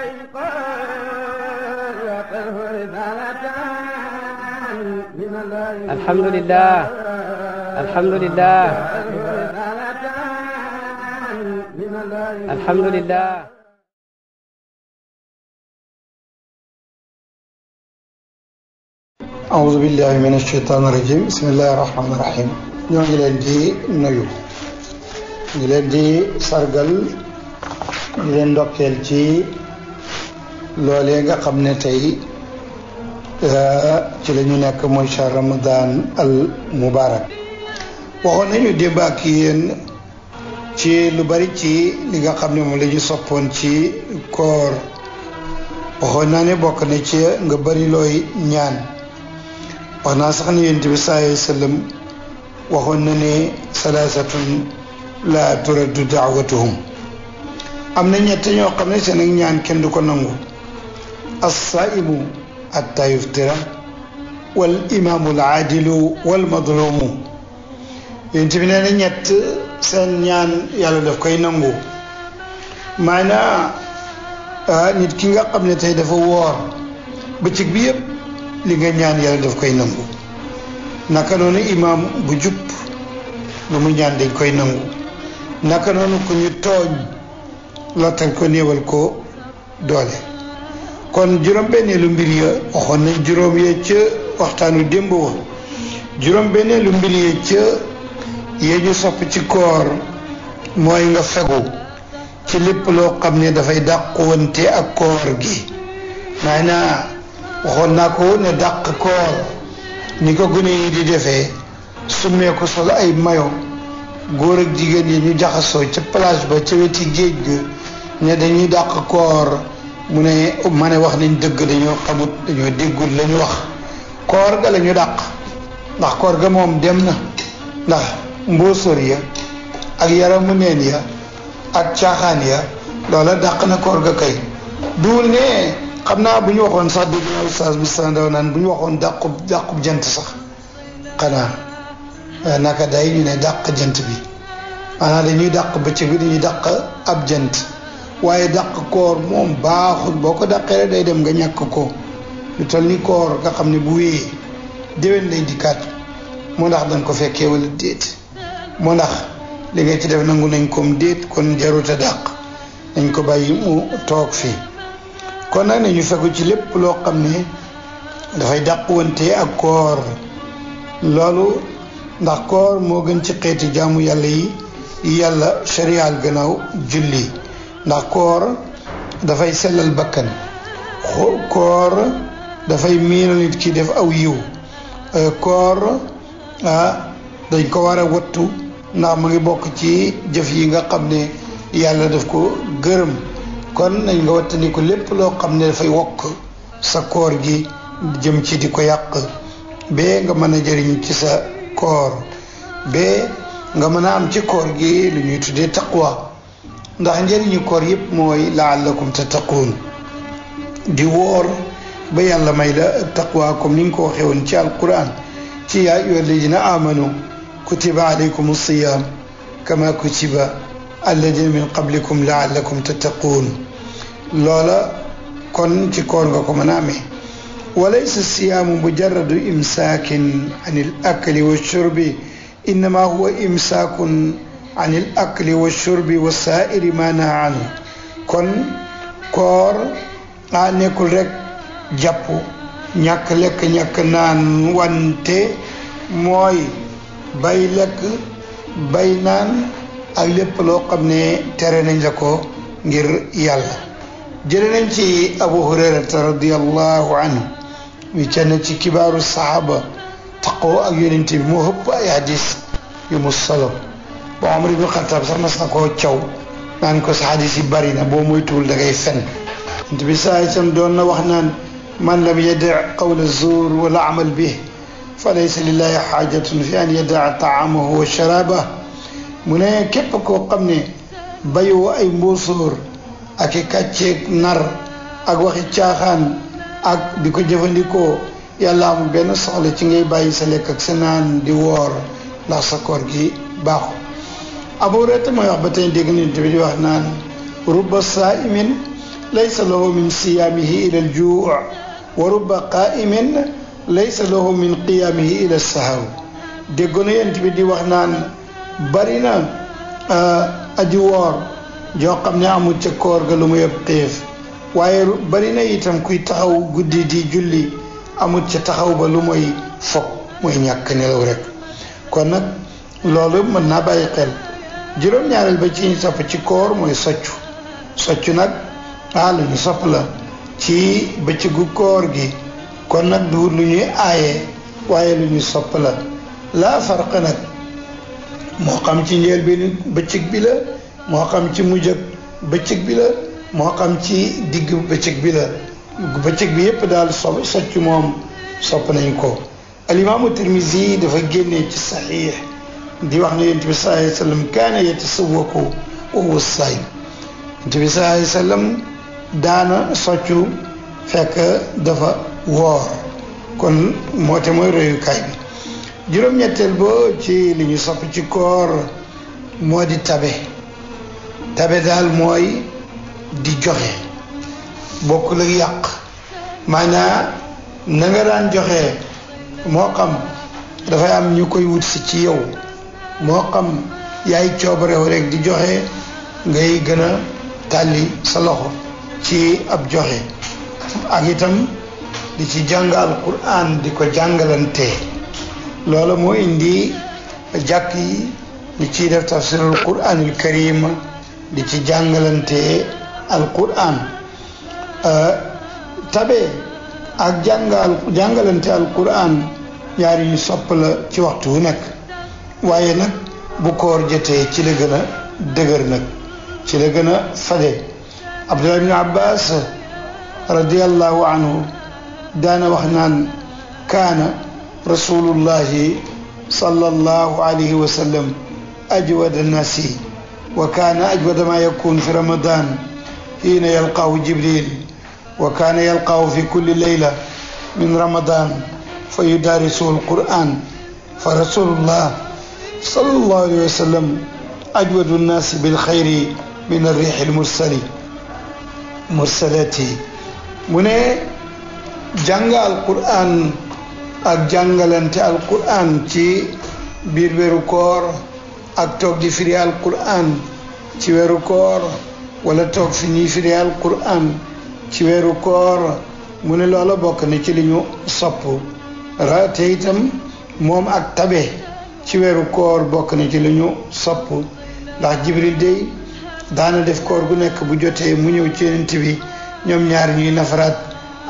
alhamdulilah alhamdulilah alhamdulilah. awuzu billahi min ashaytaan rajim bismillahi rahmaani rahim. ñoo ngi leen di nuyu. ñu leen di sargal. ñu leen ndokkeel ci. loole nga xam ne tey ci la ñu nekk mooy char ramadan al mubarak waxoon nañu démb ak yéen ci lu bari ci li nga xam ne moom la ñu soppoon ci koor waxoon naa ne bokk na ci nga bari looy ñaan wax naa sax ne yonent bi sallallaahu alayhi wa sallam waxoon na ne salaasatun laa turaddu daawatuhum am na ñett ñoo xam ne seen ak ñaan kenn du ko nangu الصائم حتى يفطر والإمام العادل والمظلوم yonent bi nee na ñett seen ñaan yàlla daf koy nangu maana nit ki nga xam ne tey dafa woor bëccëg bi yëpp li nga ñaan yàlla daf koy nangu naka noonu imaam bu jub lu mu ñaan dañ koy nangu naka noonu ku ñu tooñ lottal ko néewal ko doole kon juróom-benneelu mbir ya waxoon nañ juróom ya ca waxtaanu démb wa juróom-benneelu mbir ya ca ya ñu sopp ci koor mooy nga fegu ci lépp loo xam ne dafay dàquwante ak koor gi maanaa waxoon naa ko na dàq koor ni ko gune yi di defee summeeku sol ay mayo góor ak jigéen yi ñu jaxasoo ca plage ba ca weti géej gi ne dañuy dàq koor mu ne ma ne wax nañ dëgg dañoo xamut dañoo déggul la wax koor ga la ñu dàq ndax koor ga moom dem na ndax mbóosóor ya ak yaramu neen ya ak caaxaan ya loola daq na koor ga kay duul ne xam naa bu ñu waxoon sax dégg naa oustaz Moustapha Ndaw naan bu ñu waxoon dàqub dàqub jant sax xanaa eh, naka day ñu ne dàq jant bi maanaam dañuy dàq bëccëg bi dañuy dàq ab jant waaye dàq koor moom baaxul boo ko dàqee day dem nga ñàkk ko lu toll ni koor nga xam ne bu wéyee déwén lay dikkaat moo ndax dañ ko fekkee wala déet moo ndax li nga ci def nangu nañ koom déet kon jaruta dàq dañ ko bàyyi mu toog fii kon nag nañu fegu ci lépp loo xam ne dafay dàqwante ak koor loolu ndax koor moo gën ci xeeti jàmm yàlla yi yàlla sariyaal gannaaw julli ndax koor dafay sellal bakkan koor dafay miinal nit def aw yiw euh, koor ah dañ ko war a wattu ndax mu ngi bokk ci jëf yi nga xam ne yàlla def ko gërëm kon nañ nga wattandiku lépp loo xam ne dafay wokk sa koor gi jëm ci di ko yàq bee nga mën a jëriñ ci sa koor bee nga mën a am ci koor gi lu ñuy tuddee taqwa ndax njëriñu koor yëpp mooy laallakum tattaquun di woor ba yàlla may la taqwa comme ni nga ko waxee woon ci alquran ci yaa ayyuha alladina amanu kutiba alaykum alsiyam kama kutiba alladina min qablikum laallakum tattaquun loola kon ci koor nga ko mën a amee walaysa siyaamu mujarradu imsaakin an al akli wa shurbi innama huwa imsaakun an il akli wa shurbi wa saairi ma naa anhu kon koor a nekkul rek jàpp ñàkk lekk ñàkk naan wante mooy bay lekk bay naan ak lépp loo xam ne tere nañ la ko ngir yàlla jële nañ ci abu hurayrata radiallahu anhu mi kenn ci kibaaru saxaaba taqoo ak yonente bi moo ëpp ay hadis yu mu solo bon Omar ibnu Xattaab sax mas na koo caw naan ko sa xadis yi bari na boo moytuwul da ngay fen nt bi saa itam doon na wax naan man lam yada qawla zuur wala amal bi fa laysa lillahi xaajatun fi an yadaa taamahu wa sharaabah mu ne képp koo xam ne bayoo ay mboosóor ak i kàcceeg nar ak waxi caaxaan ak di ko jëfandikoo yàlla amul benn soxla ci ngay bàyyi sa lekk ak sa naan di woor ndax sa koor gi baaxu Abu Hurayra mooy wax ba tey dégg nit bi di wax naan rubba saa'imin laysa lahu min siyaamihi ila al wa rubba qaa'imin laysa lahu min qiyaamihi ila as-sahw déggoon yent bi di wax naan bari na ah, aji joo xam ne amul ca koor ga lu mu yëpp waaye bari na kuy taxaw guddi di julli amul ca taxaw ba lu mooy foog mooy ñàkk nelaw rek kon nag loolu mën naa bàyyi xel juróom ñaar ba ci ñu sopp ci koor mooy soccu soccu nag ah lu ñu sopp la ci bëccëgu koor gi kon nag du lu ñuy aaye waaye lu ñu sopp la laa farq nag moo xam ci njël bi bëccëg bi la moo xam ci mujj bëccëg bi la moo xam ci digg bëccëg bi la bëccëg bi yépp daal so soccu moom sopp nañ ko alimaamu tirmisi dafa génnee ci saxiix di wax ne yonent bi sallallahu alayhi wa sallam kaana yatasawwaku wa huwa saayim yonent daana soccu fekk dafa woor kon moo te mooy royukaay bi juróom-ñetteel ba ci li ñu sopp ci koor moo di tabe tabe daal mooy di joxe bokkul ak yàq maanaa na daan joxe moo xam dafay am ñu koy wut si ci yow moo xam yaay coobarew rek di joxe ngay gën a tàlli sa loxo ci ab joxe ak itam di ci jàng alquran di ko jàngalante loola moo indi jàkk yi di ciy def tafsirul quranul karim di ci jàngalante alquran euh, tabe ak jàngal jàngalante alquran ñaari ñu sopp ci waxtu wu nekk waaye nag bu koor jotee ci la gën a dëgër nag ci la gën a faje Abdullah ibn Abbas radiallahu anhu daana wax naan kaana rasulullahi sallallahu alayhi wa sallam ajwada nasi wa kaana ajwada ma yakun fi ramadan xiina yalqaahu jibril wa kaana yalqaahu fi kulli layla min ramadan fa yudaarisuhu alquran fa rasulullah sallallahu alayhi wa sallam ajwadu nnaasi bilxayri min arriix almursali mursalati mu ne jàng alquran ak jàngalante alquran ci biir weeru koor ak toog di firi alquran ci weeru koor wala toog fi ñuy firi alquran ci weeru koor mu ne loola bokk na ci li ñu sopp raate itam moom ak tabe ci weeru koor bokk na ci lu ñu sopp ndax jibril day daana def koor gu nekk bu jotee mu ñëw ci yonent bi ñoom ñaar ñuy nafaraat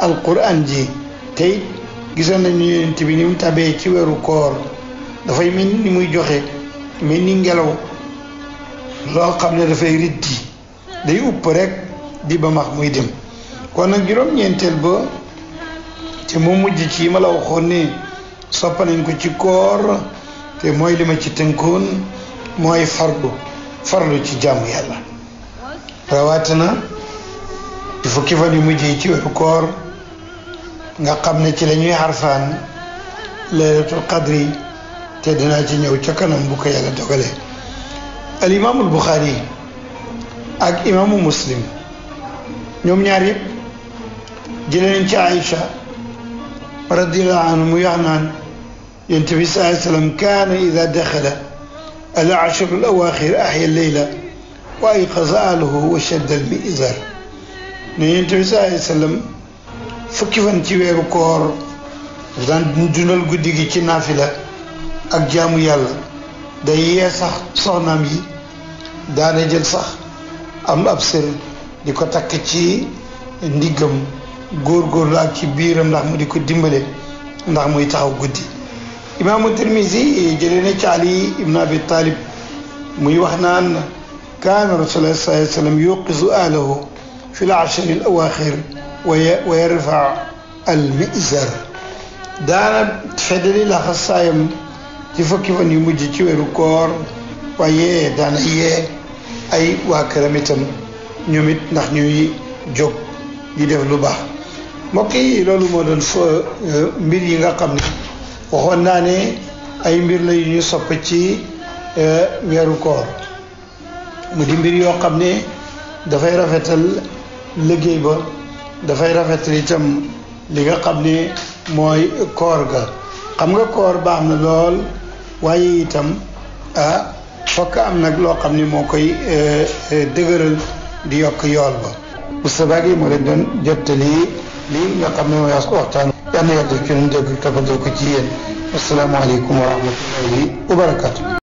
alquran ji tey gisoon nañu yonent bi ni mu tabee ci weeru koor dafay mel ni muy joxe mel ni ngelaw loo xam ne dafay rit riddi day upp rek di ba muy dem kon nag juróom-ñeenteel ba ci mu mujj ci yi ma la waxoon ne sopp nañ ko ci koor te mooy li ma ci tënkoon mooy farlu farlu ci jàmm yàlla rawatina ci fukki fan yu mu ji ci weeru koor nga xam ne ci la ñuy xarfaan laylatul qadri te dinaa ci ñëw ca kanam bu ko yàlla dogalee al imaamul ak imaamu muslim ñoom ñaar yëpp jëlee nañ ci aïcha radiallahu anhu mu yax naan yonent bi sallallahu alayhi wa sallam kaana idaa daxala al-ashru al-awaaxir ahya al-layla wa ayqaza ahlahu wa shadda al-mi'zar ne yonent bi sallallahu alayhi wa sallam fukki fan ci weeru koor daan dundal guddi gi ci naafila ak jaamu yàlla day yee sax soxnaam yi daana jël sax am ab sër di ko takk ci ndiggam góorgóorlu ak ci biiram ndax mu di ko dimbale ndax muy taxaw guddi imaamu tirmisi jëlee na ci ali ibn abi talib muy wax naan kaana rasulullah sallallahu alayhi wa sallam yuqizu ahlahu fi l ashri l awaxir wa wa yarfa al mizar daana feddali laxas saayam ci fukki fan yu mujj ci weeru koor waaye daana yee ay waa këram itam ñoom it ndax ñuy jóg di def lu baax mbokk yi loolu moo doon fa mbir yi nga xam ne waxoon naa ne ay mbir la yu ñu sopp ci e, weeru koor mu di mbir yoo xam ne dafay rafetal liggéey ba dafay rafetal itam li nga xam ni mooy koor ga xam nga koor baax na lool waaye itam a fokk am nag loo xam ne moo koy e, e, dëgëral di yokk yool ba Moustapha Gueye moo leen doon jottali lii nga xam ne mooy waxtaan yàlla yàlla def ci ñun dégg toppandoo ko ci yéen asalaamaaleykum wa rahmatullahi wa barakatu